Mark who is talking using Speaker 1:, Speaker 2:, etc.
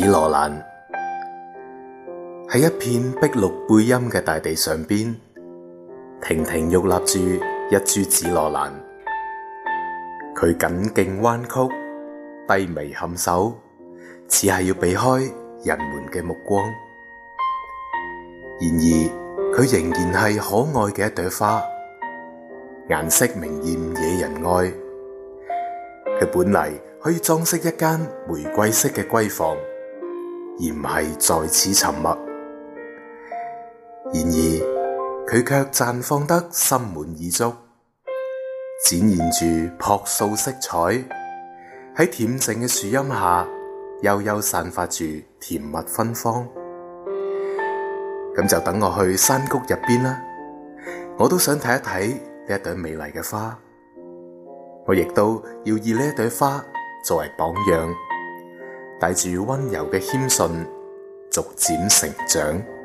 Speaker 1: 紫羅蘭喺一片碧綠背陰嘅大地上邊，亭亭玉立住一株紫羅蘭。佢緊勁彎曲，低眉頷首，似係要避開人們嘅目光。然而佢仍然係可愛嘅一朵花，顏色明艷惹人愛。佢本嚟可以裝飾一間玫瑰色嘅閨房。而唔係在此沉默，然而佢卻綻放得心滿意足，展現住樸素色彩，喺恬靜嘅樹蔭下，悠悠散發住甜蜜芬芳。咁就等我去山谷入邊啦，我都想睇一睇呢一朵美麗嘅花，我亦都要以呢一朵花作為榜樣。帶住溫柔嘅謙遜逐漸成長。